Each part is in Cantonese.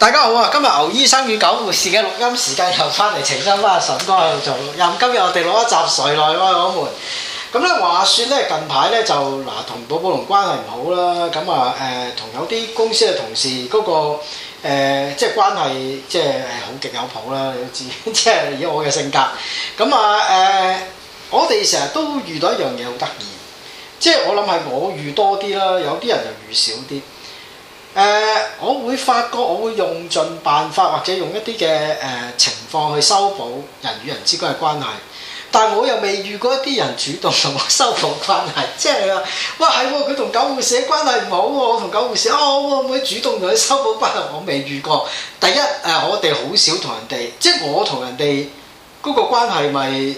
大家好啊！今日牛醫生與九護士嘅錄音時間又翻嚟，澄清翻阿神哥喺度做。任今日我哋攞一集誰來愛我們，咁咧話説咧，近排咧就嗱，同寶寶龍關係唔好啦。咁啊誒，同、呃、有啲公司嘅同事嗰、嗰個、呃、即係關係即係好、哎、極有譜啦。你都知，即係以我嘅性格。咁啊誒、呃，我哋成日都遇到一樣嘢好得意，即係我諗係我遇多啲啦，有啲人就遇少啲。誒、呃，我會發覺，我會用盡辦法，或者用一啲嘅誒情況去修補人與人之間嘅關係。但係我又未遇過一啲人主動同我修補關係，即係話，哇係喎，佢同、哦、狗護士嘅關係唔好喎，我同狗護士，啊，我會唔會主動同佢修補關係？我未遇過。第一誒、呃，我哋好少同人哋，即係我同人哋嗰個關係咪誒。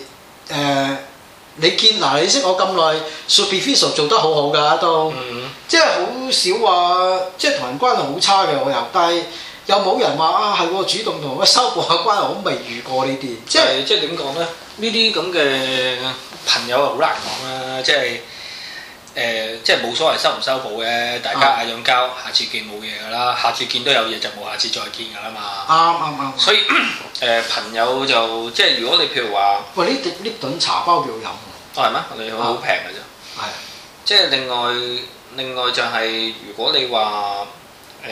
呃你見嗱，你識我咁耐，Superficial 做得好好㗎都，嗯嗯即係好少話，即係同人關係好差嘅我又，但係又冇人話啊係我主動同佢修補嘅關係，我未遇過呢啲，即係、呃、即係點講咧？呢啲咁嘅朋友係好難講啦，即係誒、呃、即係冇所謂修唔修補嘅，大家嗌兩交，下次見冇嘢㗎啦，下次見都有嘢就冇下次再見㗎啦嘛。啱啱啱。嗯嗯嗯、所以誒、呃、朋友就即係如果你譬如話，喂、呃，呢碟呢頓茶包幾好飲。啊係咩？你好，好平嘅啫。係、啊。即係另外，另外就係如果你話誒、呃，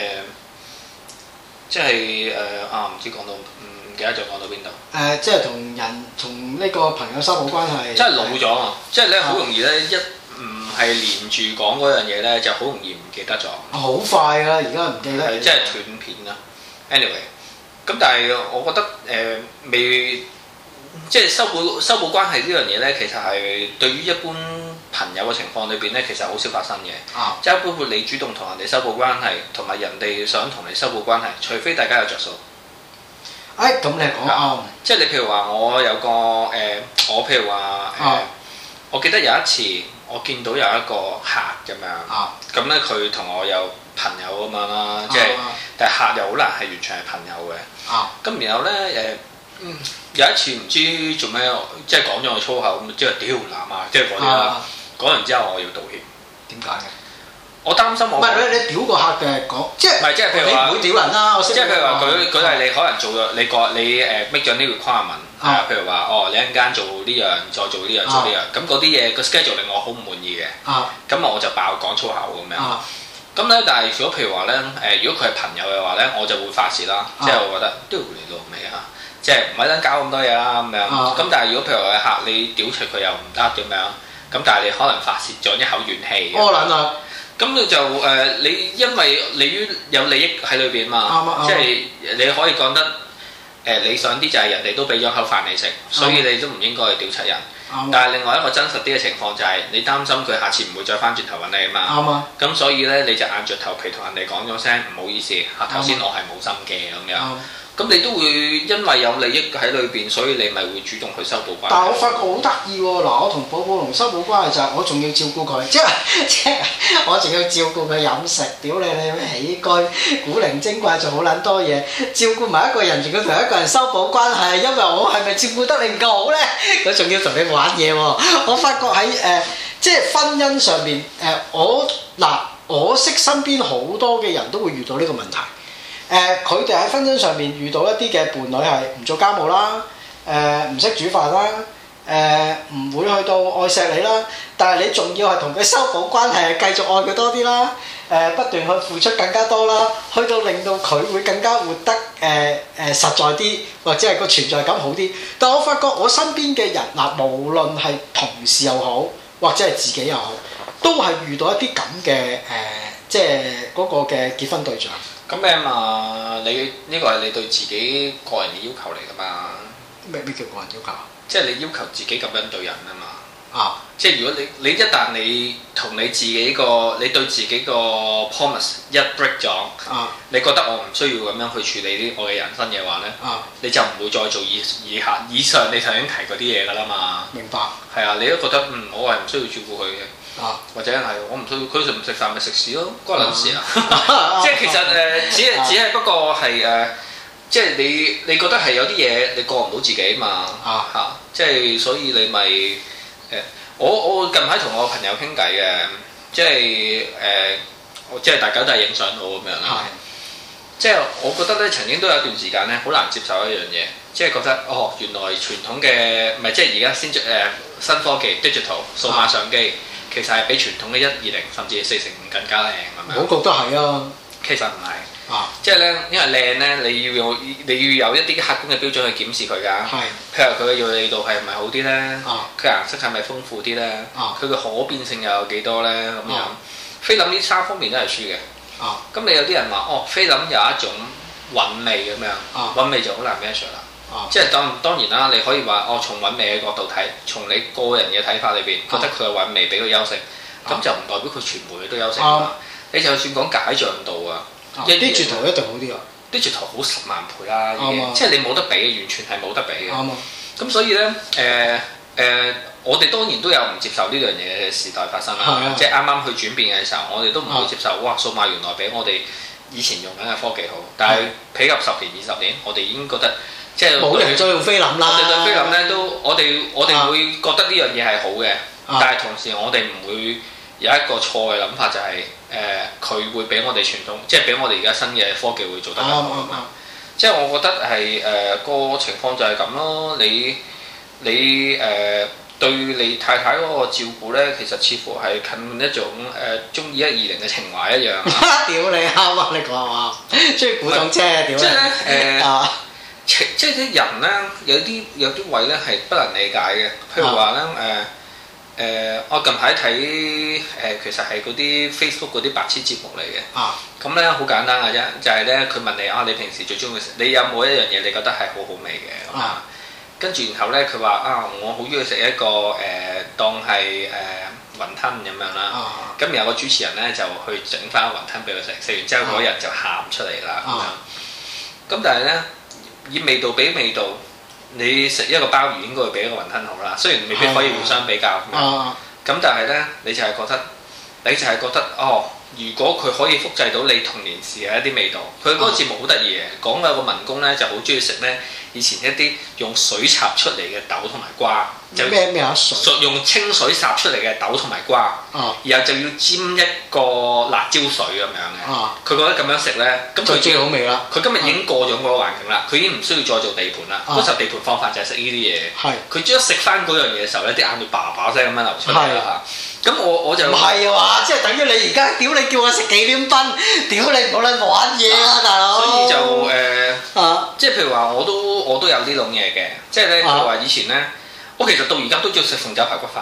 即係誒、呃、啊，唔知講到唔唔、嗯、記得咗，講到邊度？誒、呃，即係同人同呢個朋友三好關係。即係老咗啊！即係咧，好容易咧，一唔係連住講嗰樣嘢咧，就好容易唔記得咗。好、啊、快㗎！而家唔記得。嗯、即係斷片啦。Anyway，咁但係我覺得誒、呃、未。即係修補修補關係呢樣嘢呢，其實係對於一般朋友嘅情況裏邊呢，其實好少發生嘅。即係包括你主動同人哋修補關係，同埋人哋想同你修補關係，除非大家有着數。誒，咁你講，即係你譬如話，我有個誒，我譬如話誒，我記得有一次我見到有一個客咁樣，咁呢，佢同我有朋友咁樣啦，即係但係客又好難係完全係朋友嘅。咁然後呢。誒。有一次唔知做咩，即係講咗個粗口咁，即係屌男啊，即係嗰啲啦。講完之後，我要道歉。點解嘅？我擔心我唔係你，你屌個客嘅講，即係唔係即係譬如話你唔會屌人啦。即係譬如話佢佢係你可能做咗你個你誒搣咗呢條框文係啊，譬如話哦，你一間做呢樣，再做呢樣，再呢樣咁嗰啲嘢個 schedule 令我好唔滿意嘅。啊，咁啊我就爆講粗口咁樣。啊，咁咧，但係如果譬如話咧，誒，如果佢係朋友嘅話咧，我就會發泄啦。即係我覺得屌你老味嚇。即係唔係等搞咁多嘢啦咁樣，咁、嗯、但係如果譬如話客你屌出佢又唔得咁樣，咁但係你可能發泄咗一口怨氣。咁、呃、你就誒你因為你有利益喺裏邊嘛，嗯、即係你可以講得理想啲就係人哋都俾咗口飯你食，所以你都唔應該去屌出人。嗯、但係另外一個真實啲嘅情況就係、是、你擔心佢下次唔會再翻轉頭揾你啊嘛。咁所以呢，你就硬着頭皮同人哋講咗聲唔好意思，頭先我係冇心嘅咁樣。咁你都會因為有利益喺裏邊，所以你咪會主動去修補關係。但我發覺好得意喎，嗱，我同寶寶龍修補關係就係我仲要照顧佢，即係即係我仲要照顧佢飲食，屌你你咩起居古靈精怪，仲好撚多嘢，照顧埋一個人，仲要同一個人修補關係，因為我係咪照顧得你唔夠好咧？佢仲要同你玩嘢喎、哦，我發覺喺誒、呃、即係婚姻上面誒、呃，我嗱、呃、我識身邊好多嘅人都會遇到呢個問題。誒，佢哋喺婚姻上面遇到一啲嘅伴侶係唔做家務啦，誒唔識煮飯啦，誒、呃、唔會去到愛錫你啦，但係你仲要係同佢修補關係，繼續愛佢多啲啦，誒、呃、不斷去付出更加多啦，去到令到佢會更加活得誒誒、呃呃、實在啲，或者係個存在感好啲。但我發覺我身邊嘅人嗱、呃，無論係同事又好，或者係自己又好，都係遇到一啲咁嘅誒，即係嗰個嘅結婚對象。咁咩、嗯、啊？你呢個係你對自己個人嘅要求嚟㗎嘛？咩咩叫個人要求啊？即係你要求自己咁樣對人啊嘛？啊！即係如果你你一但你同你自己個你對自己個 promise 一 break 咗，啊，你覺得我唔需要咁樣去處理啲我嘅人生嘅話咧，啊，你就唔會再做以以下以上你頭先提嗰啲嘢㗎啦嘛？明白？係啊，你都覺得嗯，我係唔需要照顧佢。嘢。啊、或者係我唔食，佢食唔食飯咪食屎咯，關我撚事啊！ 即係其實誒、呃，只係只係不過係誒、呃，即係你你覺得係有啲嘢你過唔到自己嘛？啊嚇！即係、啊就是、所以你咪誒、呃，我我近排同我朋友傾偈嘅，即係誒、呃，即係大家都係影相好咁樣啦。即係、啊、我覺得咧，曾經都有一段時間咧，好難接受一樣嘢，即係覺得哦，原來傳統嘅唔係即係而家先誒新科技 digital 數碼相機。啊其實係比傳統嘅一二零甚至四成五更加靚咁樣。我覺得係啊。其實唔係啊，即係咧，因為靚咧，你要有你要有一啲客觀嘅標準去檢視佢㗎。係是，譬如佢嘅銳利度係唔係好啲咧？佢、啊、顏色係咪豐富啲咧？佢嘅、啊、可變性又有幾多咧？咁、啊、樣，啊、菲林呢三方面都係輸嘅。啊，咁你有啲人話哦，菲林有一種韻味咁樣。啊，韻味就好難 measure 啦。即係當當然啦，你可以話我從韻味嘅角度睇，從你個人嘅睇法裏邊覺得佢嘅韻味比佢優勝，咁就唔代表佢全部都優勝啊。你就算講解像度啊，啲絕投一定好啲啊，啲絕投好十萬倍啦，已經。即係你冇得比，完全係冇得比嘅。咁所以呢，誒誒，我哋當然都有唔接受呢樣嘢嘅時代發生啦，即係啱啱去轉變嘅時候，我哋都唔會接受哇！數碼原來比我哋以前用緊嘅科技好，但係比起十年二十年，我哋已經覺得。即係冇人再用菲林啦，我哋對菲林咧都，我哋我哋會覺得呢樣嘢係好嘅。啊、但係同時我哋唔會有一個錯嘅諗法、就係，就係誒佢會比我哋傳統，即係比我哋而家新嘅科技會做得更好。啊嗯嗯嗯、即係我覺得係誒個情況就係咁咯。你你誒、呃、對你太太嗰個照顧咧，其實似乎係近一種誒、呃、中意一二零嘅情懷一樣、啊。屌 你啱啊！你講啊，中 意古董車，屌你。 即啲人咧，有啲有啲位咧係不能理解嘅，譬如話咧誒誒，我近排睇誒，其實係嗰啲 Facebook 嗰啲白痴節目嚟嘅。啊，咁咧好簡單㗎啫，就係咧佢問你啊，你平時最中意食，你有冇一樣嘢你覺得係好好味嘅？啊，跟住然後咧，佢話啊，我好中意食一個誒、呃，當係誒雲吞咁樣啦。咁然後個主持人咧就去整翻雲吞俾佢食，食完之後嗰日、啊、就喊出嚟啦。咁樣，咁但係咧。以味道比味道，你食一個鮑魚應該會比一個雲吞好啦。雖然未必可以互相比較，咁、啊啊啊、但係呢，你就係覺得，你就係覺得哦，如果佢可以複製到你童年時嘅一啲味道，佢嗰個節目好得意嘅，講有、啊啊、個民工呢就好中意食呢。以前一啲用水插出嚟嘅豆同埋瓜，咩咩水？用清水插出嚟嘅豆同埋瓜，然後就要沾一個辣椒水咁樣嘅。佢覺得咁樣食咧，咁佢最好味啦。佢 今日已經過咗嗰個環境啦，佢、啊、已經唔需要再做地盤啦。嗰時候地盤方法就係食呢啲嘢。係、啊。佢將食返嗰樣嘢嘅時候咧，啲眼淚叭叭聲咁樣流出嚟啦。咁是我我就唔係啊嘛，即係等於你而家屌你叫我食幾點分，屌你唔好撚玩嘢啦，大佬。所以就誒，即係譬如話我都。我都有呢種嘢嘅，即係咧佢話以前咧，我其實到而家都中意食鳳爪排骨飯。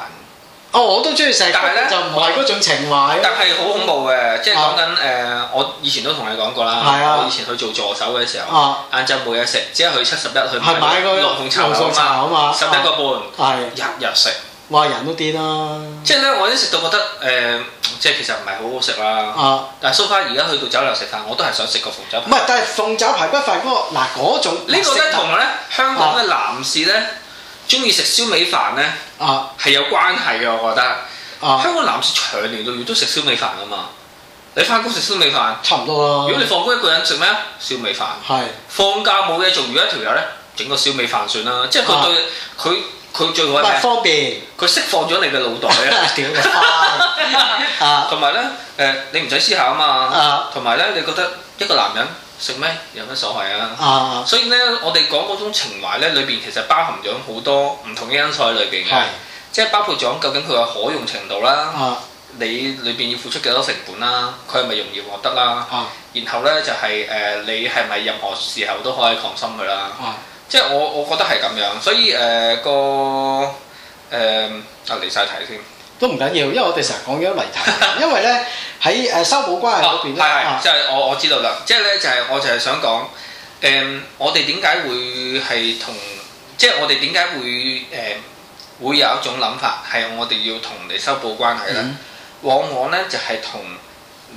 哦，我都中意食，但係咧就唔係嗰種情懷。但係好恐怖嘅，即係講緊誒，我以前都同你講過啦。係啊，我以前去做助手嘅時候，晏晝冇嘢食，只係去七十一去買個六紅茶啊嘛，十一個半，日日食。話人都癲啦！即係咧，我已經食到覺得誒，即係其實唔係好好食啦。啊！但係蘇花而家去到酒樓食飯，我都係想食個鳳爪。唔係，但係鳳爪排骨飯嗰個嗱嗰種，呢個都同咧香港嘅男士咧中意食燒味飯咧係有關係嘅。我覺得香港男士長年累月都食燒味飯㗎嘛。你翻工食燒味飯，差唔多啦。如果你放工一個人食咩？燒味飯係放假冇嘢做，如果一條友咧，整個燒味飯算啦。即係佢對佢。佢最為方便。佢釋放咗你嘅腦袋啊！同 埋呢，誒，你唔使思考啊嘛。同埋呢，你覺得一個男人食咩有乜所謂啊？啊所以呢，我哋講嗰種情懷呢，裏邊其實包含咗好多唔同因素喺裏邊嘅，即係是包括咗究竟佢嘅可用程度啦，啊、你裏邊要付出幾多成本啦？佢係咪容易獲得啦？啊、然後呢、就是，就係誒，你係咪任何時候都可以放心佢啦？啊。即係我，我覺得係咁樣，所以誒、呃、個誒、呃、啊離曬題先都唔緊要緊，因為我哋成日講咗啲離題。 因為咧喺誒修補關係嗰邊咧，即係、哦啊、我我知道啦。即係咧就係、是就是、我就係想講誒、呃，我哋點解會係同即係、就是、我哋點解會誒、呃、會有一種諗法係我哋要同你修補關係咧？嗯、往往咧就係、是、同。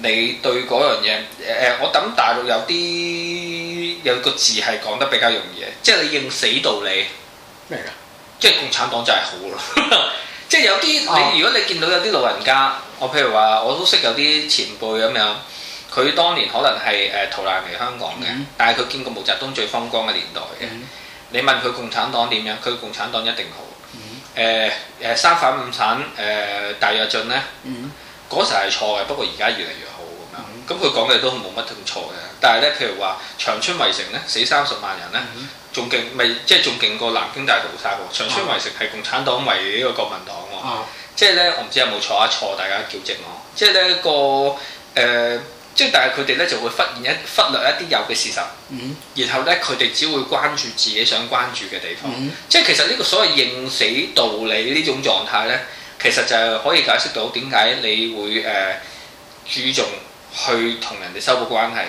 你對嗰樣嘢，誒、呃、誒，我諗大陸有啲有個字係講得比較容易嘅，即係你認死道理。咩㗎麼？即係共產黨就係好咯。 即係有啲、哦、你，如果你見到有啲老人家，我譬如話，我都識有啲前輩咁樣，佢當年可能係誒、呃、逃難嚟香港嘅，但係佢見過毛澤東最風光嘅年代嘅。嗯、你問佢共產黨點樣，佢共產黨一定好。誒誒、嗯呃，三反五反誒、呃、大躍進咧，嗰陣係錯嘅，不過而家越嚟越。咁佢講嘅都冇乜錯嘅，但係咧，譬如話長春圍城咧，死三十萬人咧，仲勁咪即係仲勁過南京大屠殺喎？長春圍城係、mm hmm. 共產黨圍呢個國民黨喎，即係咧，我唔知有冇錯啊錯，錯大家叫正我。即係呢個誒，即、呃、係但係佢哋咧就會忽現一忽略一啲有嘅事實，mm hmm. 然後咧佢哋只會關注自己想關注嘅地方。即係、mm hmm. 其實呢個所謂認死道理呢種狀態咧，其實就係可以解釋到點解你會誒注重。呃去同人哋修補關係，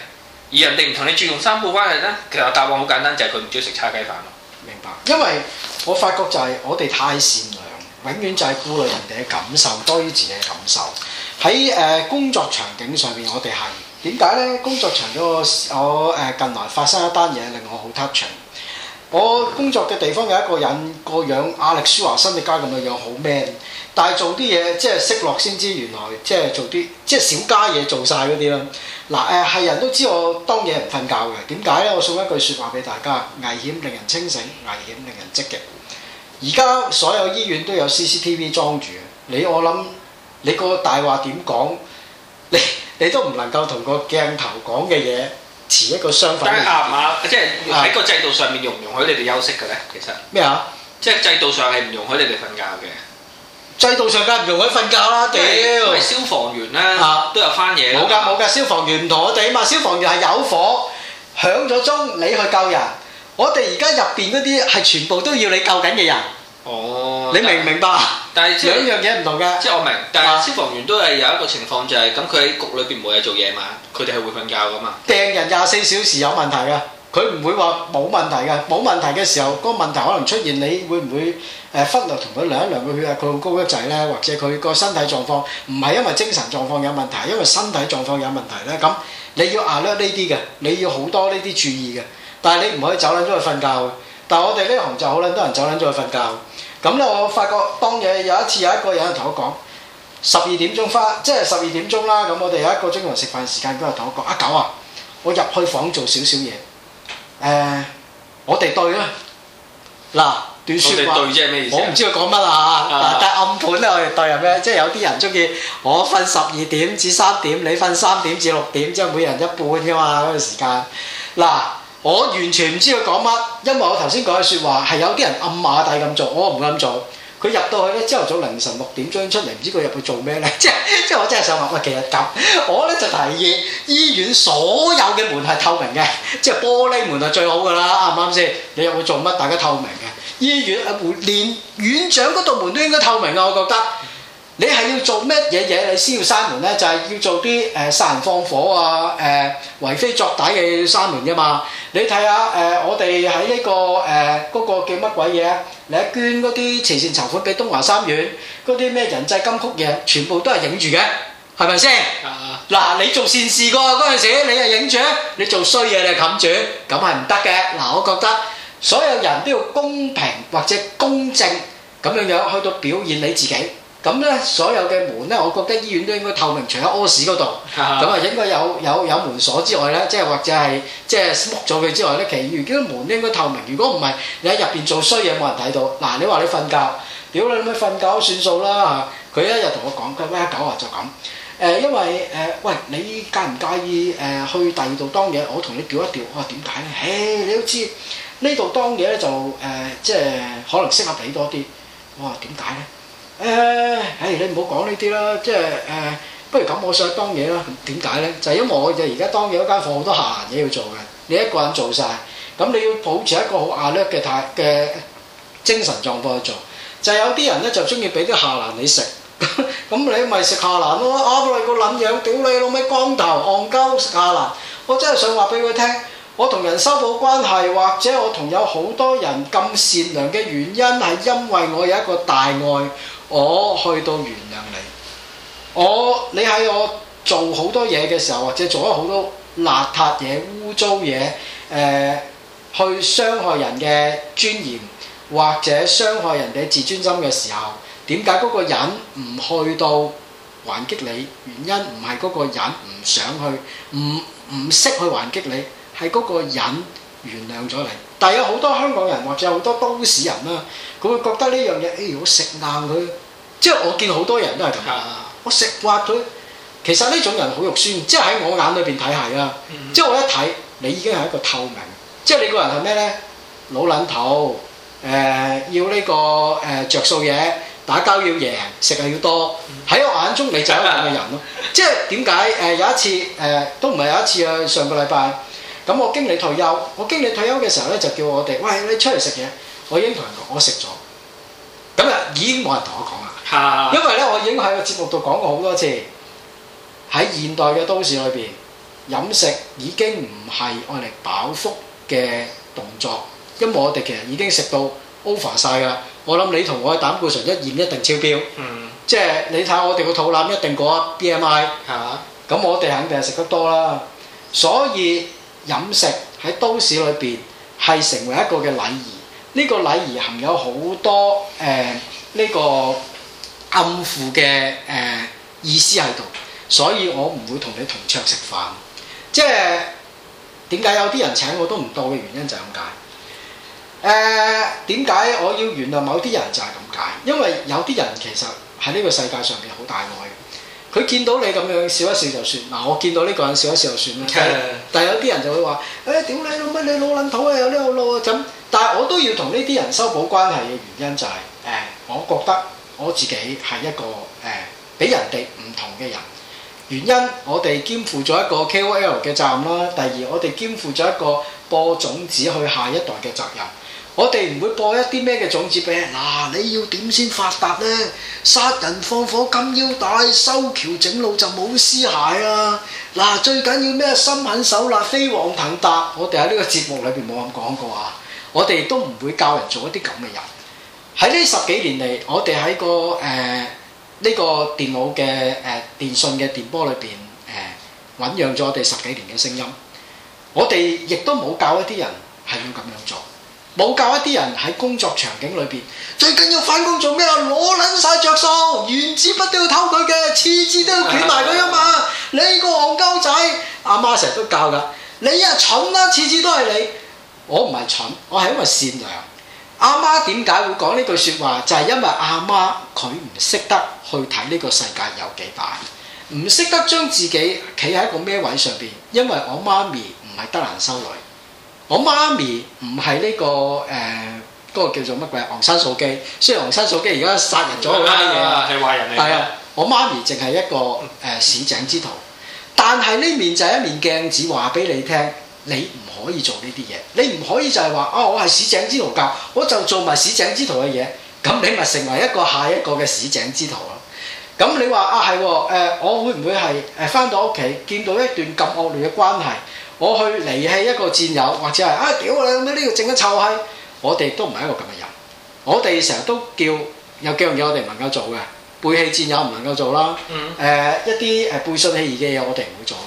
而人哋唔同你注重三部關係呢？其實答案好簡單，就係佢唔中意食叉雞飯咯。明白，因為我發覺就係我哋太善良，永遠就係顧慮人哋嘅感受多於自己嘅感受。喺誒、呃、工作場景上面我，我哋係點解呢？工作場景我我、呃、近來發生一單嘢令我好 touch。我工作嘅地方有一個人個樣亞力舒華辛力加咁嘅樣，好 man。但係做啲嘢即係識落先知，原來即係做啲即係小家嘢做晒嗰啲啦。嗱誒係人都知我當夜唔瞓覺嘅，點解呢？我送一句説話俾大家：危險令人清醒，危險令人積極。而家所有醫院都有 CCTV 裝住，你我諗你個大話點講？你你，你都唔能夠同個鏡頭講嘅嘢，持一個相反。啊啊啊啊、即係啱唔啱？即係喺個制度上面容唔容許你哋休息嘅呢？其實咩啊？即係制度上係唔容許你哋瞓覺嘅。制度上架唔容佢瞓覺啦，屌對對消防員啦，啊、都有翻嘢。冇噶冇噶，消防員唔同我哋啊嘛，消防員係有火響咗鐘，你去救人。我哋而家入邊嗰啲係全部都要你救緊嘅人。哦，你明唔明白？兩樣嘢唔同㗎。即係我明，但係消防員都係有一個情況就係、是、咁，佢喺、啊、局裏邊冇嘢做嘢嘛，佢哋係會瞓覺㗎嘛。病、嗯、人廿四小時有問題㗎。佢唔會話冇問題嘅，冇問題嘅時候，個問題可能出現，你會唔會誒、呃、忽略同佢量一量個血壓佢高得滯呢？或者佢個身體狀況唔係因為精神狀況有問題，因為身體狀況有問題呢？咁你要壓略呢啲嘅，你要好多呢啲注意嘅。但係你唔可以走撚咗去瞓覺嘅。但係我哋呢行就好撚多人走撚咗去瞓覺。咁呢，我發覺當夜有一次有一個人同我講十二點鐘翻，即係十二點鐘啦。咁我哋有一個鐘頭食飯時間，佢又同我講：阿、啊、狗啊，我入去房做少少嘢。誒、呃，我哋對咩？嗱段說話，你對即係咩意思？我唔知佢講乜啦嚇。嗱、啊，但暗盤啦，就是、我哋對係咩？即係有啲人中意，我瞓十二點至三點，你瞓三點至六點，即、就、係、是、每人一半啫嘛嗰個時間。嗱，我完全唔知佢講乜，因為我頭先講嘅説話係有啲人暗馬，底係咁做，我唔會咁做，佢入到去呢，朝頭早凌晨六點鐘出嚟，唔知佢入去做咩呢？即 係我真係想問，喂，其實咁，我呢就提議，醫院所有嘅門係透明嘅，即係玻璃門就最好㗎喇，啱唔啱先？你入去做乜，大家透明嘅。醫院門連院長嗰度門都應該透明嘅，我覺得。你係要做乜嘢嘢？你先要閂門呢，就係要做啲誒殺人放火啊、誒為非作歹嘅閂門啫嘛。你睇下誒，我哋喺呢個誒嗰個叫乜鬼嘢？你捐嗰啲慈善籌款俾東華三院嗰啲咩人際金曲嘢，全部都係影住嘅，係咪先？嗱，你做善事嗰陣時，你係影住；你做衰嘢，你係冚住，咁係唔得嘅。嗱，我覺得所有人都要公平或者公正咁樣樣去到表現你自己。咁咧，所有嘅門咧，我覺得醫院都應該透明，除咗屙屎嗰度，咁啊的應該有有有門鎖之外咧，即係或者係即係鎖咗佢之外咧，其餘啲門應該透明。如果唔係，你喺入邊做衰嘢冇人睇到。嗱，你話你瞓覺，屌你咁樣瞓覺都算數啦嚇。佢一日同我講，佢喂阿狗啊，哎、狗就咁。誒、呃，因為誒、呃，喂，你介唔介意誒、呃、去第二度當嘢？我同你調一調。我話點解咧？誒，你都知呢度當嘢咧就誒、呃，即係可能適合你，你多啲。我話點解咧？誒，唉，你唔好講呢啲啦，即係誒，不如咁，我想當嘢啦。點解呢？就係、是、因為我就而家當嘢嗰間房好多下欄嘢要做嘅，你一個人做晒，咁你要保持一個好壓力嘅態嘅精神狀況去做。就係、是、有啲人呢，就中意俾啲下欄你食，咁 你咪食下欄咯。啊！你個撚樣，屌你老味光頭戇鳩食下欄。我真係想話俾佢聽，我同人修補關係，或者我同有好多人咁善良嘅原因係因為我有一個大愛。我去到原諒你，我你喺我做好多嘢嘅時候，或者做咗好多邋遢嘢、污糟嘢，誒、呃，去傷害人嘅尊嚴，或者傷害人哋自尊心嘅時候，點解嗰個人唔去到還擊你？原因唔係嗰個人唔想去，唔唔識去還擊你，係嗰個人原諒咗你。但係有好多香港人或者好多都市人啦、啊，佢會覺得呢樣嘢，誒、哎，如果食硬佢。即係我見好多人都係咁，的我食慣佢，其實呢種人好肉酸，的即係喺我眼裏邊睇係啦。嗯、即係我一睇，你已經係一個透明。即係你個人係咩咧？老撚頭，誒、呃、要呢、這個誒着、呃、數嘢，打交要贏，食又要多。喺、嗯、我眼中，你就係咁嘅人咯。 即係點解？誒、呃、有一次，誒、呃、都唔係有一次啊。上個禮拜，咁、啊、我經理退休，我經理退休嘅時候咧，就叫我哋：喂，你出嚟食嘢。我已經同人講，我食咗。咁啊，已經冇人同我講。嗯。因為咧，我已經喺個節目度講過好多次，喺現代嘅都市裏邊，飲食已經唔係愛嚟飽腹嘅動作，因為我哋其實已經食到 over 曬㗎。我諗你同我嘅膽固醇一驗一定超標，嗯，即係你睇我哋個肚腩一定過 BMI，係嘛？咁我哋肯定係食得多啦。所以飲食喺都市裏邊係成為一個嘅禮儀，呢個禮儀含有好多誒呢個。暗付嘅誒意思喺度，所以我唔會同你同桌食飯。即係點解有啲人請我都唔到嘅原因就係咁解。誒，點解我要原諒某啲人就係咁解，因為有啲人其實喺呢個世界上嘅好大愛。佢見到你咁樣笑一笑就算，嗱、啊、我見到呢個人笑一笑就算的但係有啲人就會話：誒屌你老咩！你老撚肚啊！又呢個咯咁。但係我都要同呢啲人修補關係嘅原因就係、是、誒、呃，我覺得，我自己係一個誒俾、呃、人哋唔同嘅人，原因我哋肩負咗一個 KOL 嘅責任啦。第二，我哋肩負咗一個播種子去下一代嘅責任。我哋唔會播一啲咩嘅種子俾人。嗱、啊，你要點先發達呢？殺人放火金腰帶，修橋整路就冇屍骸啊！嗱、啊，最緊要咩？心狠手辣，飛黃騰達。我哋喺呢個節目裏邊冇咁講過啊！我哋都唔會教人做一啲咁嘅人。喺呢十幾年嚟，我哋喺個誒呢、呃這個電腦嘅誒、呃、電訊嘅電波裏邊誒醞釀咗我哋十幾年嘅聲音。我哋亦都冇教一啲人係要咁樣做，冇教一啲人喺工作場景裏邊最緊要翻工做咩啊？攞撚晒着數，原子筆都要偷佢嘅，次次都要捲埋佢啊嘛！ 你個憨鳩仔，阿媽成日都教噶，你呀蠢啊蠢啦，次次都係你。我唔係蠢，我係因為善良。阿媽點解會講呢句説話？就係、是、因為阿媽佢唔識得去睇呢個世界有幾大，唔識得將自己企喺一個咩位上邊。因為我媽咪唔係德蘭修女，我媽咪唔係呢個誒嗰、呃嗰個叫做乜鬼昂山素姬。雖然昂山素姬而家殺人咗，嗰啲嘢係壞人嚟。係啊，我媽咪淨係一個誒、呃、市井之徒，但係呢面就係一面鏡子，話俾你聽。你唔可以做呢啲嘢，你唔可以就係話啊，我係市井之徒㗎，我就做埋市井之徒嘅嘢，咁你咪成為一個下一個嘅市井之徒咯。咁你話啊係，誒、呃、我會唔會係誒返到屋企見到一段咁惡劣嘅關係，我去離棄一個戰友，或者係啊屌你咁呢個整得臭閪，我哋都唔係一個咁嘅人。我哋成日都叫有幾樣嘢我哋唔能夠做嘅，背棄戰友唔能夠做啦。誒、呃、一啲誒背信棄義嘅嘢我哋唔會做。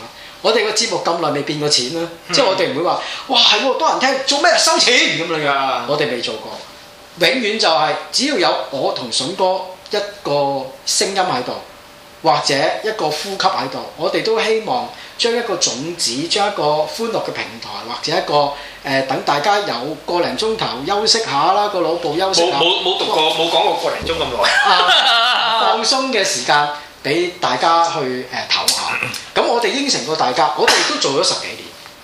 我哋個節目咁耐未變過錢啦，嗯、即係我哋唔會話，哇係多人聽，做咩收錢咁樣㗎？欸、我哋未做過，永遠就係、是、只要有我同筍哥一個聲音喺度，或者一個呼吸喺度，我哋都希望將一個種子，將一個歡樂嘅平台，或者一個誒、呃、等大家有個零鐘頭休息下啦，個腦部休息下。冇冇讀過，冇講我過個零鐘咁耐，放鬆嘅時間。俾大家去誒唞下，咁我哋應承過大家，我哋都做咗十幾年，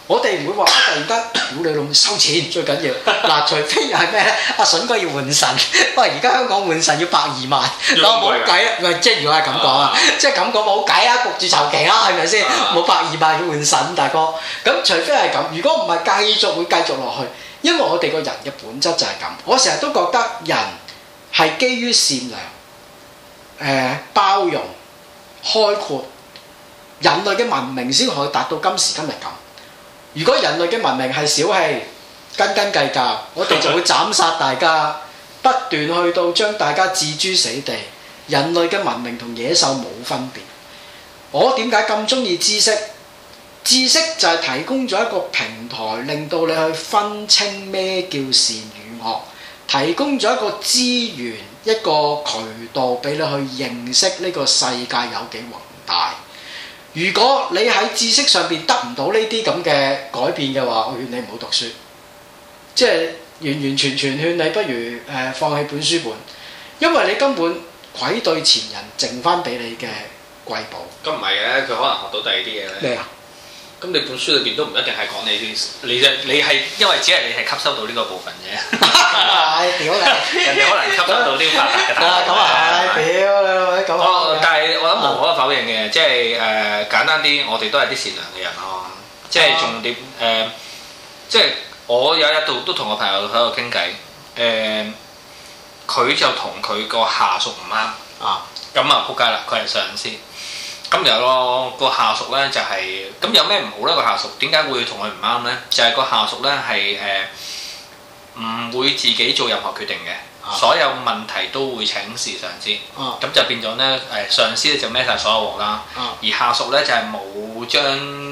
我哋唔會話突然間冇你咁收錢，最緊要嗱、啊，除非係咩咧？阿、啊、筍哥要換腎，喂而家香港換腎要百二萬，歸我冇計，啊、即係如果係咁講啊，即係咁講冇計啊，焗住籌期啊，係咪先？冇、啊、百二萬要換腎，大哥，咁除非係咁，如果唔係繼續會繼續落去，因為我哋個人嘅本質就係咁，我成日都覺得人係基於善良，誒、呃、包容。開闊人類嘅文明先可以達到今時今日咁。如果人類嘅文明係小氣斤斤計較，我哋就會斬殺大家， 不斷去到將大家置諸死地。人類嘅文明同野獸冇分別。我點解咁中意知識？知識就係提供咗一個平台，令到你去分清咩叫善與惡，提供咗一個資源。一個渠道俾你去認識呢個世界有幾宏大。如果你喺知識上邊得唔到呢啲咁嘅改變嘅話，我勸你唔好讀書，即係完完全全勸你不如誒、呃、放棄本書本，因為你根本愧對前人，剩翻俾你嘅貴寶。咁唔係嘅，佢可能學到第二啲嘢咧。咩啊？咁、嗯、你本書裏邊都唔一定係講你啲，你嘅你係因為只係你係吸收到呢個部分啫。屌你！人哋可能吸收到呢個部分。啊，咁啊，屌你！但係我諗無可否認嘅，即係誒簡單啲，我哋都係啲善良嘅人咯。即係重點誒？即係我有一度都同我朋友喺度傾偈，誒、呃，佢就同佢個下屬唔啱啊，咁啊撲街啦！佢係上司。今日咯，個下屬咧就係、是、咁有咩唔好咧？個下屬點解會同佢唔啱咧？就係、是、個下屬咧係誒唔會自己做任何決定嘅，啊、所有問題都會請示上司。咁、啊、就變咗咧誒，啊、上司咧就孭晒所有鑊啦。啊、而下屬咧就係冇將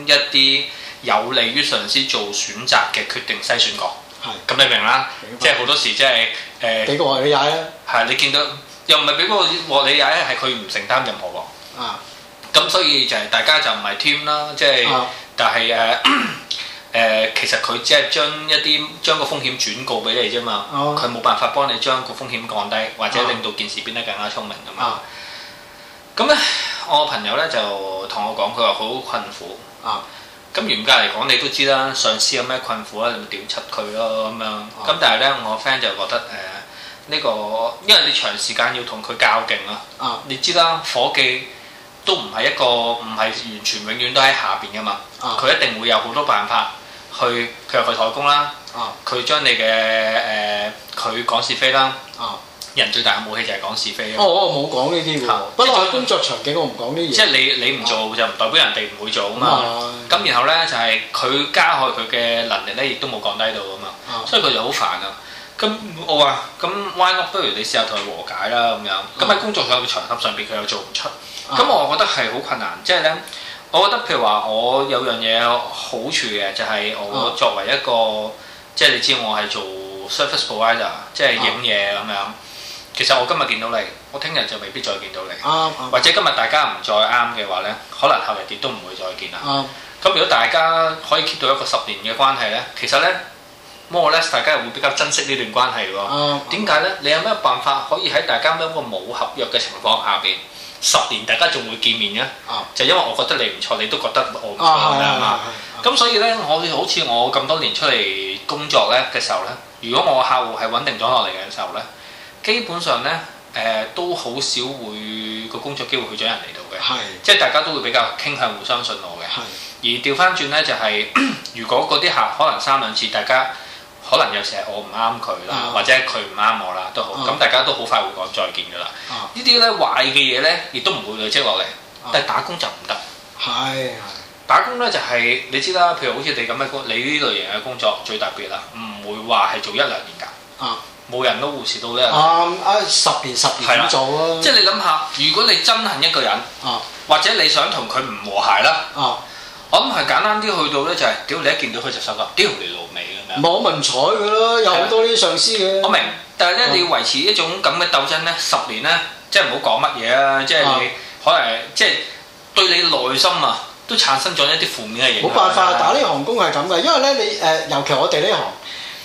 一啲有利於上司做選擇嘅決定篩選過。咁、啊、你明啦，啊、即係好多時即係誒俾個鑊你曳啦。係你見到又唔係俾嗰個鑊你曳，係佢唔承擔任何鑊啊。咁所以就係大家就唔係 team 啦，即係，uh, 但係誒誒，其實佢只係將一啲將個風險轉告俾你啫嘛，佢冇、uh, 辦法幫你將個風險降低，或者令到件事變得更加聰明㗎、uh, 嘛。咁咧，我朋友咧就同我講，佢話好困苦啊。咁嚴格嚟講，你都知啦，上司有咩困苦你咪屌柒佢咯咁樣。咁但係咧，我 friend 就覺得誒呢、呃這個，因為你長時間要同佢較勁啦，uh, 你知啦，伙計。都唔係一個唔係完全永遠都喺下邊嘅嘛，佢一定會有好多辦法去，佢又去台工啦，佢將你嘅誒佢講是非啦，人最大嘅武器就係講是非哦，我冇講呢啲。不過工作場景我唔講呢嘢，即係你你唔做就唔代表人哋唔會做啊嘛。咁然後咧就係佢加害佢嘅能力咧，亦都冇降低到啊嘛，所以佢就好煩啊。咁我話咁 Why n 不如你試下同佢和解啦咁樣。咁喺工作上嘅場合上邊，佢又做唔出。咁我覺得係好困難，即係咧，我覺得譬如話，我有樣嘢好處嘅就係我作為一個，即係你知我係做 service provider，即係影嘢咁樣。其實我今日見到你，我聽日就未必再見到你。或者今日大家唔再啱嘅話咧，可能後日點都唔會再見啦。咁如果大家可以 keep 到一個十年嘅關係咧，其實咧，more or less 大家又會比較珍惜呢段關係喎。點解咧？你有咩辦法可以喺大家一個冇合約嘅情況下邊？十年大家仲會見面嘅，啊、就因為我覺得你唔錯，你都覺得我唔錯。咁所以呢，我好似我咁多年出嚟工作呢嘅時候呢，如果我客戶係穩定咗落嚟嘅時候呢，基本上呢、呃、都好少會個工作機會去咗人嚟到嘅，即係的大家都會比較傾向互相信我嘅。的而調翻轉呢，就係， 如果嗰啲客可能三兩次，大家。可能有時係我唔啱佢啦，或者佢唔啱我啦，都好。咁、嗯、大家都好快會講再見㗎啦。呢啲咧壞嘅嘢咧，亦都唔會累積落嚟。嗯、但係打工就唔得。係係打工咧就係、是、你知啦，譬如好似你咁嘅你呢類型嘅工作最特別啦，唔會話係做一兩年㗎。冇、嗯、人都護士到呢。十年、嗯呃、十年係咁、啊嗯呃、做咯。即係你諗下，如果你憎恨一個人，或者你想同佢唔和諧啦，嗯、我諗係簡單啲去到咧就係、是，屌你一見到佢就手㗎，屌你老味。冇文采嘅咯，有好多呢啲上司嘅。我明，但係咧你要維持一種咁嘅鬥爭咧，十年咧，即係唔好講乜嘢啊，即係你可能、嗯、即係對你內心啊，都產生咗一啲負面嘅嘢，冇辦法，係嘅打呢行工係咁嘅，因為咧你誒、呃、尤其我哋呢行。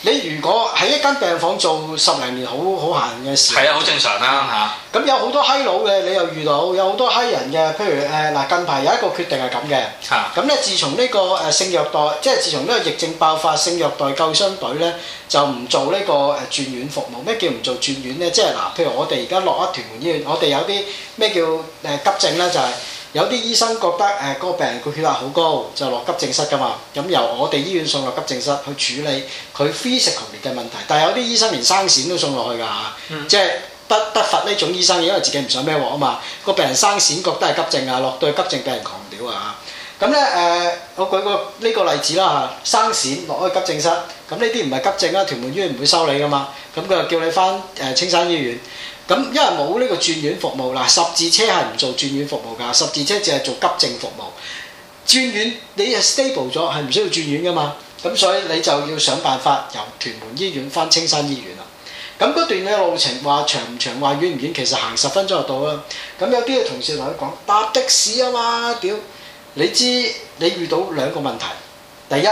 你如果喺一間病房做十零年好好閒嘅事，係的啊，好正常啦嚇。咁有好多閪佬嘅，你又遇到有好多閪人嘅。譬如誒嗱、呃，近排有一個決定係咁嘅。嚇、啊！咁咧，自從呢、這個誒、呃、性虐待，即係自從呢個疫症爆發，性虐待救傷隊咧就唔做呢個誒轉院服務。咩叫唔做，做轉院咧？即係嗱，譬如我哋而家落一屯門醫院，我哋有啲咩叫誒急症咧，就係、是。有啲醫生覺得誒嗰、呃那個病人佢血壓好高，就落急症室㗎嘛，咁由我哋醫院送落急症室去處理佢非急症嘅問題。但係有啲醫生連生癬都送落去㗎嚇，嗯、即係不不罰呢種醫生因為自己唔想孭鑊啊嘛。個病人生癬覺得係急症啊，落到去急症俾人狂屌啊嚇。咁咧誒，我舉個呢個例子啦嚇、啊，生癬落去急症室，咁呢啲唔係急症啊，屯門醫院唔會收你㗎嘛。咁佢又叫你返誒青山醫院。咁因為冇呢個轉院服務啦，十字車係唔做轉院服務㗎，十字車淨係做急症服務。轉院你係 stable 咗，係唔需要轉院㗎嘛？咁所以你就要想辦法由屯門醫院返青山醫院啦。咁嗰段嘅路程話長唔長，話遠唔遠，其實行十分鐘就到啦。咁有啲嘅同事同佢講搭的士啊嘛，屌你知你遇到兩個問題，第一。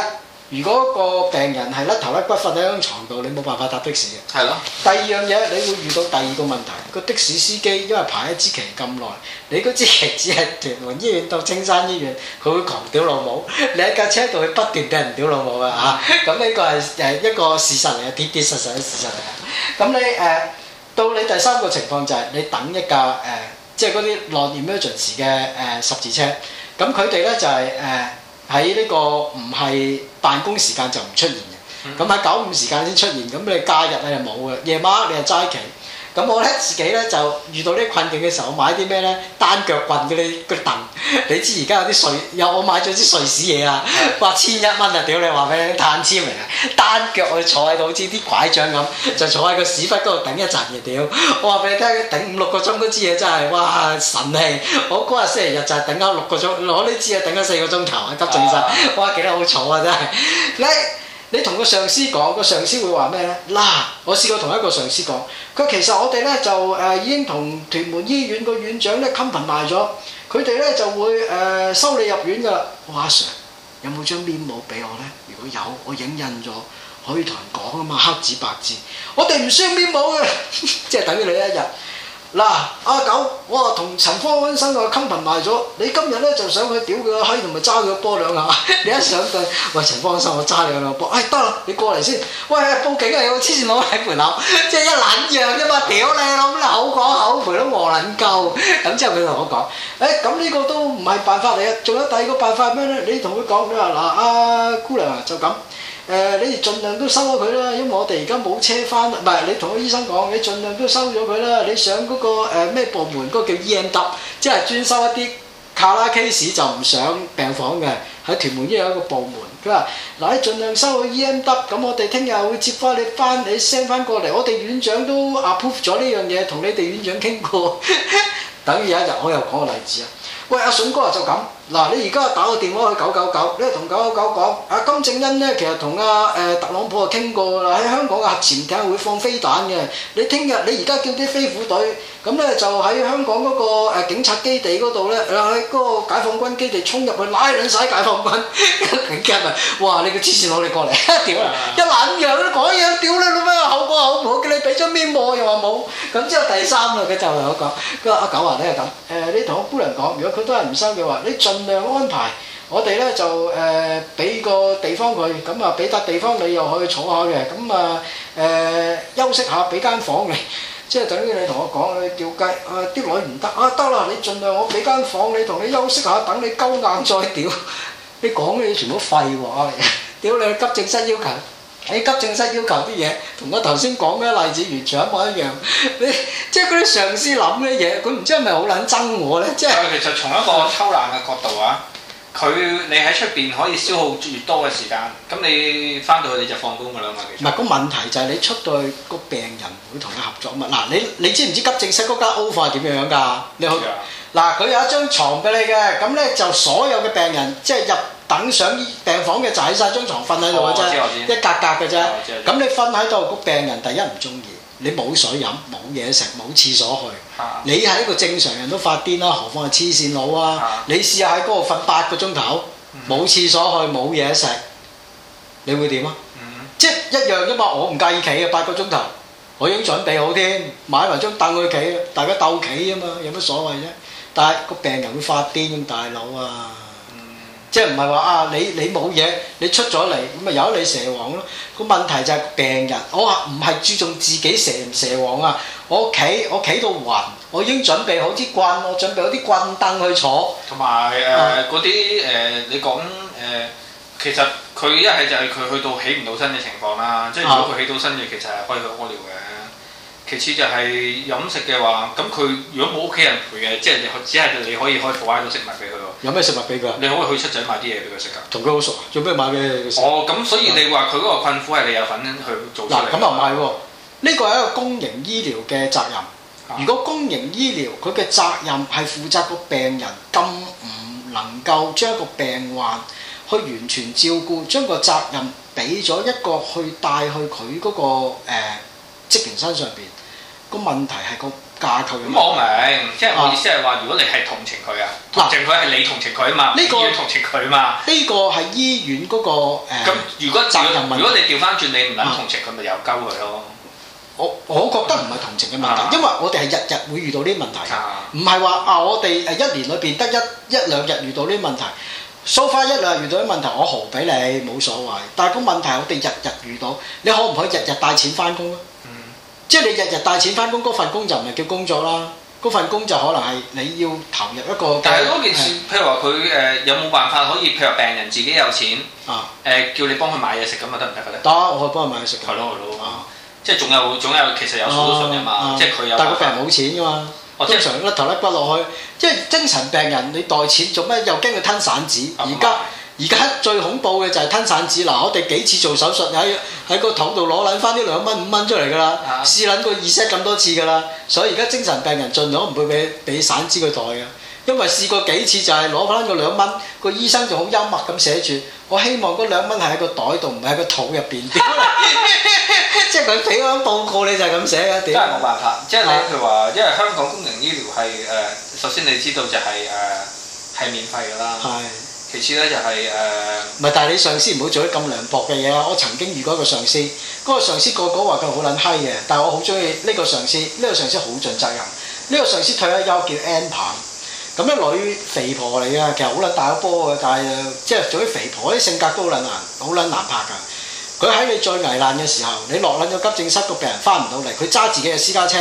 如果個病人係甩頭甩骨瞓喺張床度，你冇辦法搭的士嘅。係咯的。第二樣嘢，你會遇到第二個問題，個的士司機因為排一支旗咁耐，你嗰支旗只係屯門醫院到青山醫院，佢會狂屌老母。你喺架車度，佢不斷掟人屌老母啊嚇！咁呢個係誒一個事實嚟啊，跌跌實實嘅事實嚟啊。咁你誒、呃、到你第三個情況就係、是、你等一架誒，即係嗰啲 non-emergency 嘅誒十字車。咁佢哋咧就係、是、誒。呃喺呢個唔係辦公時間就唔出現嘅，咁喺九五時間先出現。咁你假日你，你就冇嘅，夜晚你就齋企。咁我咧自己咧就遇到呢困境嘅時候，我買啲咩咧？單腳棍嘅咧，個凳。你知而家有啲瑞士，有我買咗支瑞士嘢啊！八是千一蚊啊！屌你話俾你，碳簽嚟啊！單腳我坐喺度，好似啲拐杖咁，就坐喺個屎忽嗰度頂一陣嘅屌！我話俾你聽，頂五六個鐘嗰支嘢真係哇神氣！我嗰日星期日就係頂咗六個鐘，攞呢支嘢頂咗四個鐘頭啊，急症室！哇，幾得好坐啊真係，你。你同個上司講，個上司會話咩呢？嗱喇，我試過同一個上司講，佢其實我哋呢就誒已經同屯門醫院個院長呢 commit 埋咗，佢哋呢就會誒收你入院㗎。我阿 Sir，有冇張 memo 俾我呢？如果有，我影印咗，可以同人講啊嘛，黑字白字。我哋唔需要 memo 嘅，即 係等於你一日。嗱，阿九、啊，我同陳方安生我襟朋埋咗，你今日呢就上去屌佢個閪同埋揸佢個波兩下，你一上對，喂，陳方生，我揸你兩下波，唉、哎，得啦，你過嚟先，喂，報警啊，有黐線佬喺門口，即係一撚樣啫嘛，屌你老母，口講口賠都戇撚鳩，咁之後佢同我講，唉，咁呢個都唔係辦法嚟啊，仲有第二個辦法咩咧？你同佢講，你話嗱，阿姑娘就咁。誒、呃，你哋盡量都收咗佢啦，因為我哋而家冇車翻，唔係你同個醫生講，你盡量都收咗佢啦。你上嗰、那個咩、呃、部門？嗰、那個叫 EMW，即係專收一啲卡拉 case，就唔上病房嘅。喺屯門醫院有一個部門，佢話嗱，你盡量收去 EMW，咁我哋聽日會接翻你翻，你 send 翻過嚟，我哋院長都 approve 咗呢樣嘢，同你哋院長傾過。 等於有一日我又講個例子啊，喂，阿、啊、筍哥就咁。嗱，你而家打個電話去九九九，你同九九九講，阿金正恩呢，其實同阿誒特朗普啊傾過㗎啦，喺香港嘅核潛艇會放飛彈嘅，你聽日你而家叫啲飛虎隊，咁呢就喺香港嗰個誒警察基地嗰度呢，喺嗰個解放軍基地衝入去拉兩晒解放軍，驚啊！哇，你個支持佬你過嚟， 麼啊、一冷樣都講嘢，屌你老味，後果好唔好？叫你俾張面膜又話冇，咁之後第三啦，佢就同我講，佢話阿九話你係咁，誒，你同個、呃、姑娘講，如果佢都係唔收嘅話，你盡。盡量安排，我哋呢就誒俾個地方佢，咁啊俾笪地方你又可以坐下嘅，咁啊誒休息下，俾間房你，即係等於你同我講你釣雞啊，啲女唔得啊，得啦，你儘量我俾間房你，同你休息下，等你夠硬再屌。你講嘅嘢全部都廢話嚟，屌你去急症室要求。喺、哎、急症室要求啲嘢，同我頭先講嘅例子完全一模一樣。你即係嗰啲上司諗嘅嘢，佢唔知係咪好撚憎我咧？即係其實從一個偷懶嘅角度啊，佢，你喺出邊可以消耗越多嘅時間，咁你翻到去你就放工噶啦嘛。其實唔係，個問題就係你出到去、個病人會同佢合作啊嘛。嗱，你你知唔知急症室嗰間 offer 係點樣樣㗎？你去嗱，佢有一張床俾你嘅，咁咧就所有嘅病人即係入。等上病房嘅就喺曬張牀瞓喺度嘅啫，哦、一格格嘅啫。咁你瞓喺度，個病人第一唔中意，你冇水飲，冇嘢食，冇廁所去。啊、你係一個正常人都發癲啦，何況係黐線佬啊！啊你試下喺嗰度瞓八個鐘頭，冇、嗯、廁所去，冇嘢食，你會點啊？嗯、即係一樣啫嘛，我唔介意企嘅八個鐘頭，我已經準備好添，買埋張凳去企，大家鬥企啊嘛，有乜所謂啫？但係個病人會發癲，大佬啊！即係唔係話啊？你你冇嘢，你出咗嚟咁咪由你蛇王咯。個問題就係病人，我話唔係注重自己蛇唔蛇王啊。我企我企到暈，我已經準備好啲棍，我準備好啲棍凳去坐。同埋誒嗰啲誒，你講誒、呃，其實佢一係就係佢去到起唔到身嘅情況啦。即係如果佢起到身嘅，嗯、其實係可以去屙尿嘅。其次就係飲食嘅話，咁、啊、佢如果冇屋企人陪嘅，即係你只係你可以可以 provide 咗食物俾佢喎。有咩食物俾佢？你可以去七仔買啲嘢俾佢食㗎。同佢好熟啊？做咩買俾佢？哦，咁、嗯嗯、所以你話佢嗰個困苦係你有份去做。嗱，咁又唔係喎，呢個係一個公營醫療嘅責任。啊、如果公營醫療佢嘅責任係負責個病人，咁唔能夠將一個病患去完全照顧，將個責任俾咗一個去帶去佢嗰個誒職員身上邊。個問題係個架構咁，我明，即係我意思係話，如果你係同情佢啊，同情佢係你同情佢啊嘛，唔係醫院同情佢啊嘛。呢個係醫院嗰個誒。咁如果責任問，如果你調翻轉，你唔肯同情佢，咪又鳩佢咯。我我覺得唔係同情嘅問題，因為我哋係日日會遇到呢啲問題，唔係話啊我哋誒一年裏邊得一一兩日遇到呢啲問題，so far 一兩遇到啲問題，我何俾你冇所謂？但係個問題我哋日日遇到，你可唔可以日日帶錢翻工咧？即係你日日帶錢翻工，嗰份工就唔係叫工作啦，嗰份工就可能係你要投入一個。但係嗰件事，譬如話佢誒有冇辦法可以，譬如病人自己有錢，誒、啊、叫你幫佢買嘢食咁啊，得唔得㗎咧？得，我可以幫佢買嘢食。係咯係咯，啊、即係仲有仲有，其實有數有信㗎嘛，即係佢有。但係個病人冇錢㗎嘛，正、啊、常甩頭甩骨落去，啊、即係精神病人你袋錢做咩？又驚佢吞散紙，而家。 而家最恐怖嘅就係吞散紙嗱，我哋幾次做手術喺喺個肚度攞撚翻啲兩蚊五蚊出嚟㗎啦，試撚過二 set 咁多次㗎啦，所以而家精神病人儘量唔會俾俾散紙佢袋㗎，因為試過幾次就係攞翻個兩蚊，個醫生仲好幽默咁寫住，我希望嗰兩蚊係喺個袋度，唔係喺個肚入邊。 即係佢俾個報告你就係咁寫嘅，點？真係冇辦法，即係你佢話的，因為香港公營醫療係誒、呃，首先你知道就係誒係免費㗎啦。係。其次咧就係、是、誒，唔、uh、係，但係你上司唔好做啲咁涼薄嘅嘢啊！我曾經遇過一個上司，嗰、那個上司個個話佢好撚閪嘅，但係我好中意呢個上司，呢、這個上司好盡責任。呢、這個上司退咗休叫 n 鵬。咁一女肥婆嚟啊，其實好撚大個波嘅，但係即係做啲肥婆啲性格都撚難，好撚難拍㗎。佢喺你最危難嘅時候，你落撚咗急症室個病人翻唔到嚟，佢揸自己嘅私家車，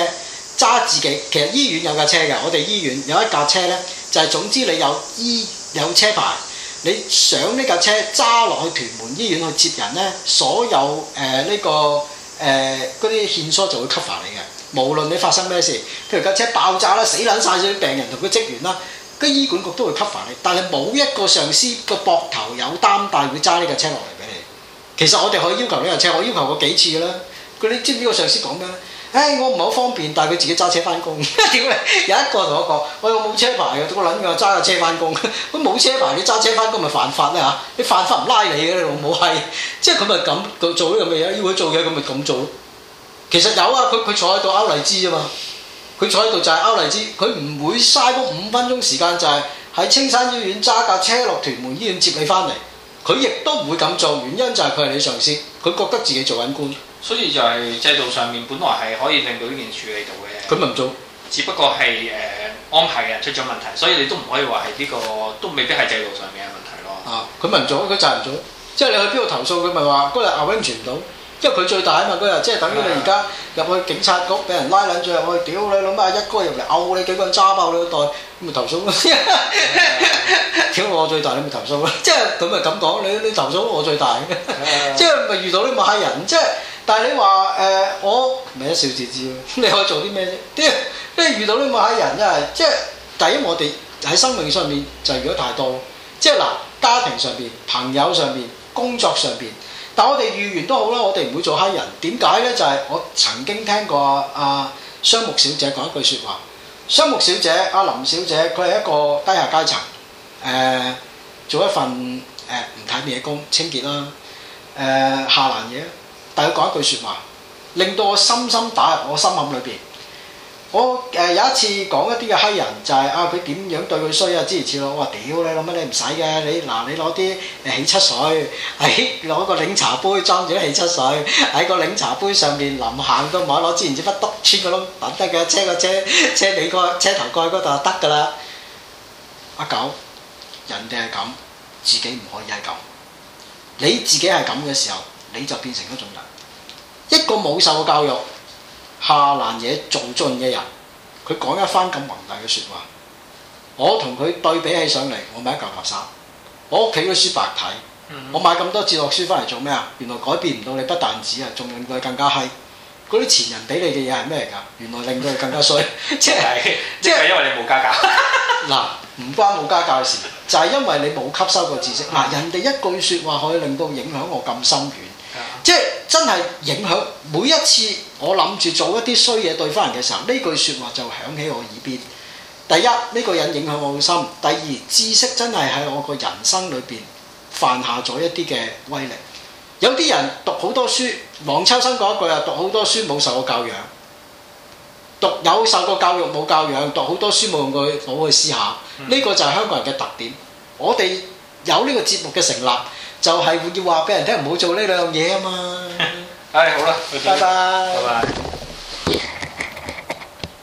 揸自己，其實醫院有架車嘅，我哋醫院有一架車呢，就係、是、總之你有醫有車牌。你上呢架車揸落去屯門醫院去接人呢，所有誒呢、呃這個誒嗰啲險疏就會 cover 你嘅，無論你發生咩事，譬如架車爆炸啦，死撚晒咗啲病人同個職員啦，個醫管局都會 cover 你，但係冇一個上司個膊頭有擔帶會揸呢架車落嚟俾你。其實我哋可以要求呢架車，我要求過幾次㗎啦。你知唔知我上司講咩？唉，我唔係好方便，但係佢自己揸車翻工。屌你，有一個同我講，喂，我冇車牌嘅，做個撚嘅揸架車翻工。咁冇車牌，佢揸車翻工咪犯法咧嚇？你犯法唔拉你嘅，你老母閪！即係佢咪咁做咗咁嘅嘢，要佢做嘢，咁咪咁做咯。其實有啊，佢佢坐喺度勾荔枝吖嘛。佢坐喺度就係勾荔枝，佢唔會嘥嗰五分鐘時間，就係喺青山醫院揸架車落屯門醫院接你翻嚟。佢亦都唔會咁做，原因就係佢係你上司，佢覺得自己做緊官。所以就係制度上面，本來係可以令到呢件處理到嘅。佢咪唔做，只不過係誒、呃、安排嘅人出咗問題，所以你都唔可以話係呢個，都未必係制度上面嘅問題咯。啊！咪唔做，佢就唔做。即係你去邊度投訴，佢咪話嗰日郵件傳唔到。因為佢最大啊嘛，嗰日即係等於你而家入去警察局，俾人拉兩張入去。屌你老媽，一哥入嚟嘔你，幾個人揸爆你個袋，咁、就、咪、是、投訴我。屌、嗯、 我最大，你咪投訴啦。即係佢咪咁講，你你投訴我最大。嗯、 即係咪遇到你買人即係？但係你話誒、呃，我咪一笑置之？你可以做啲咩啫？即係遇到啲冇閪人真係，即係第一我哋喺生命上面就遇得太多。即係嗱，家庭上面、朋友上面、工作上邊，但我哋預完都好啦，我哋唔會做閪人。點解呢？就係、是、我曾經聽過阿、啊啊、雙木小姐講一句説話。雙木小姐阿、啊、林小姐，佢係一個低下階層、呃，做一份唔體面嘅工，清潔啦、啊，誒、呃、下欄嘢。但佢講一句説話，令到我深深打入我心坎裏邊。我誒、呃、有一次講一啲嘅黑人就係、是、啊，佢點樣對佢衰啊，諸如此類。我話屌你老乜你唔使嘅，你嗱你攞啲起漆水，喺、哎、攞個檸茶杯裝住啲起漆水，喺個檸茶杯上面臨行都唔好攞支唔知乜筆督穿個窿，唔得嘅，車個車車你個車頭蓋嗰度就得㗎啦。阿、啊、九，人哋係咁，自己唔可以係咁。你自己係咁嘅時候。你就變成一種人，一個冇受過教育、下爛嘢做盡嘅人，佢講一番咁宏大嘅説話，我同佢對比起上嚟，我咪一嚿垃圾。我屋企嗰啲書白睇，我買咁多哲學書翻嚟做咩啊？原來改變唔到你不，不但止啊，仲令到你更加閪。嗰啲前人俾你嘅嘢係咩嚟㗎？原來令到你更加衰。即係即係因為你冇家教。嗱，唔關冇家教嘅事，就係、係、因為你冇吸收過知識。嗱， 人哋一句説話可以令到影響我咁深遠。即係真係影響每一次我諗住做一啲衰嘢對返人嘅時候，呢句説話就響起我耳邊。第一，呢個人影響我好深；第二，知識真係喺我個人生裏邊犯下咗一啲嘅威力。有啲人讀好多書，黃秋生講一句啊，讀好多書冇受過教養，讀有受過教育冇教養，讀好多書冇用過腦去思考。呢個就係香港人嘅特點。我哋有呢個節目嘅成立。就係會要話俾人聽，唔好做呢兩樣嘢啊嘛！唉、 哎，好啦，拜拜，拜拜。